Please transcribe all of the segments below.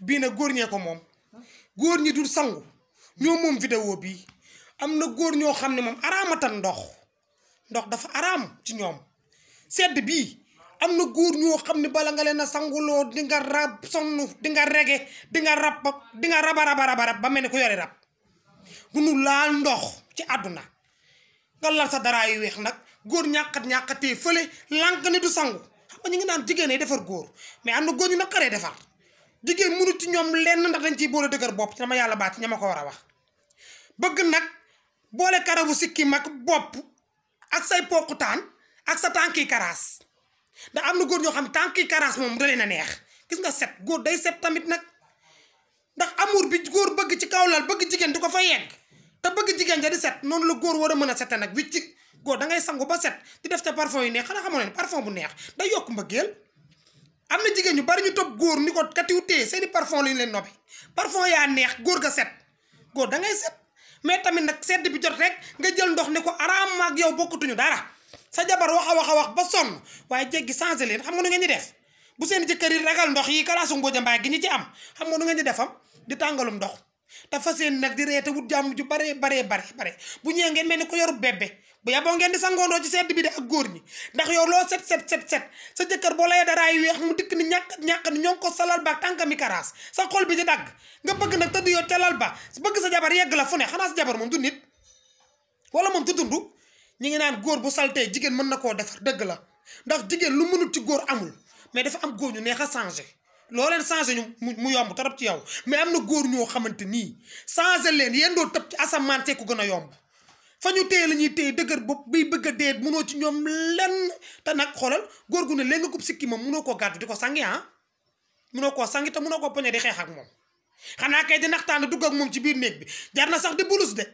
bii nag góor ñee ko moom góor ñi dul sangu ñoo moom vidéo bii am na góor ñoo xam ne moom araamatan ndox ndox dafa araam ci ñoom sedd bii am na góor ñoo xam ne bala nga leen a sanguloo di nga rab sonn di nga rege di nga rab di nga raba raba ba mel ni ku yore rab bu nu laal ndox ci àdduna nga lal sa dara yu weex nag góor ñàkkat ñàkkatee fële lànk ne du sangu xam nga ñu ngi naan jigéen defar góor mais am na góor ñu naqaree defar jigéen mënu ci ñoom lenn ndax dañ ciy boole dëgër bopp dama yàlla baat ña ma ko war a wax bëgg nag boole karawu sikki mag bopp ak say pokkutaan ak sa tànki karaas ndax am na góor ñoo xam tànki karaas moom da leen a neex gis nga set góor day set tamit nag ndax amour bi góor bëgg ci kaw lal bëgg jigéen du ko fa yegg te bëgg jigéen ja di set noonu la góor war a mën a sete nag wicc góor da ngay sangu ba set di def ca parfum yu neex xanaa xamoo leen parfum bu neex day yokk mbëggeel am na jigéen ñu bari ñu topp góor ni ko katiw téye seeni parfum lañu leen noppi parfum yaa neex góor ga set góor da ngay set mais tamit nag sedd bi jot rek nga jël ndox ni ko araam ak yow bokkutuñu dara sa jabar wax a wax a wax ba sonn waaye jéggi changé leen xam nga nu ngeen ñu def bu seen jëkkër yi rekal ndox yi kalaasu ngóoja mbaay gi ñu ci am xam nga nu ngeen ñu defam di tàngalum ndox dafa seen nag di reete wut jàmm ju baree baree bare bare bu ñëwee ngeen mel ni ko yoru bébé bu yaboo ngeen di sangoondoo ci sedd bi de ak góor ñi ndax yow loo set set set set sa jëkkër boo lay daraay weex mu dikk ni ñàkk ñàkk ni ñoo ngi ko salal ba tànkami karaas sa xol bi di dagg nga bëgg nag tëdd yow calal ba bëgg sa jabar yegg la fu ne xanaa sa jabar moom du nit wala moom du dund ñu ngi naan góor bu saltee jigéen mën na koo defar dëgg la ndax jigéen lu mënul ci góor amul mais dafa am góor ñu neex a changé loo leen changé ñu mu yomb torop ci yow mais am na góor ñoo xamante nii changé leen yéen doo tëb ci asamaan see ku gën a yomb fa ñu téye la ñuy téye dëgër bopp biy bëgg a dee munoo ci ñoom lenn te nag xoolal góor gu ne leen nga gub sikki moom munoo koo gàddu di ko sangi ah munoo koo sangi te munoo koo poñe di xeex ak moom xanaa kay di naxtaan dugg ak moom ci biir néeg bi jar na sax di bulus de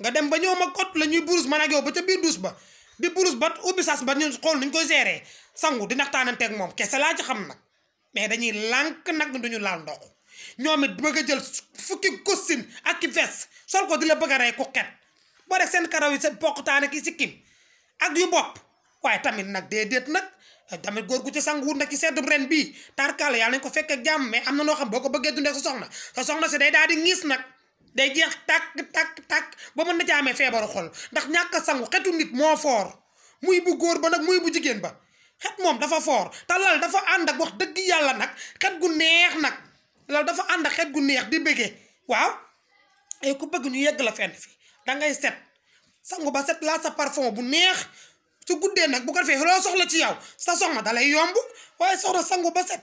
nga dem ba ñëw ma kot la ñuy bulus ma ak yow ba ca biir duus ba di bulus ba ubbi sas ba ñu xool nuñ koy gérer sangu di naxtaananteeg moom kese laa ci xam nag mais dañuy lànk nag duñu laal ndox ñoom it bëgg a jël fukki costume ak i veste sol ko di la bëgg a rey ku xet boo def seen karaw yi sa bokkutaan ak i sikkim ak yu bopp waaye tamit nag déedéet nag tamit góor gu ci sanguwut nag ci seddub ren bii tarkaale yàlla nañ ko fekk jàmm mais am na noo xam boo ko bëggee dundee sa soxna sa soxna si day daal di ngiis nag day jeex tàkk tàkk tàkk ba mën na ci amee feebaru xol ndax ñàkk sangu xetu nit moo foor muy bu góor ba nag muy bu jigéen ba xet moom dafa foor te lal dafa ànd ak wax dëgg yàlla nag xet gu neex nag lal dafa ànd ak xet gu neex di bëggee waaw eh, ku bëgg ñu yegg la fenn fi dangay set sangu ba set laa sa parfum bu neex su guddee nag bu ko defee loo soxla ci yow sa soxna dalay yomb waaye soxna sangu ba set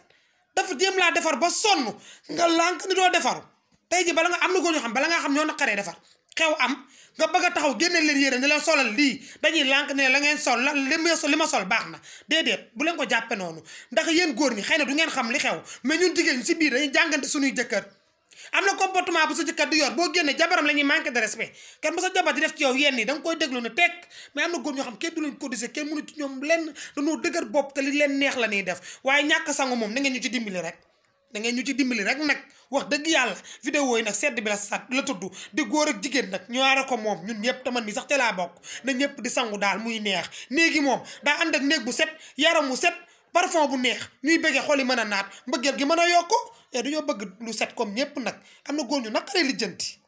dafa jéem laa defar ba sonn nga lànk ni doo defaru tey ji bala nga am na ko ñu xam bala nga xam ñoo naqaree defar xew am nga bëgg a taxaw génne leen yére ne la solal lii dañuy lànk ne la ngeen sol la li ma sol ma sol baax na déedéet bu leen ko jàppe noonu ndax yéen góor ñi xay na du ngeen xam li xew mais ñun jigéen ñi si biir dañuy jàngante suñuy jëkkër am na comportement bu sa jëkkër di yor boo génne jabaram la ñuy manqué de respect kenn ba sa jabar di def ci yow yenn yi da nga koy déglu ne tekk mais am na góor ñoo xam kenn du leen cotiser kenn mënu ci ñoom lenn dañoo leen neex la ñuy def waaye ñàkk sangu moom na ngeen ñu ci dimbali rek da ngay ñu ci dimbali rek nag wax dëgg yàlla vidéo yi nag sedd bi la sat la tudd di góor ak jigéen nag ñaare ko moom ñun ñëpp taman mii sax te laa bokk na ñëpp di sangu daal muy neex néegi moom daa ànd ak néeg bu set yaram bu set parfum bu neex ñuy bëggee xol yi mën a naat mbëggeel gi mën a yokk e dañoo bëgg lu set comme ñëpp nag am na góor ñu naqaree lijjanti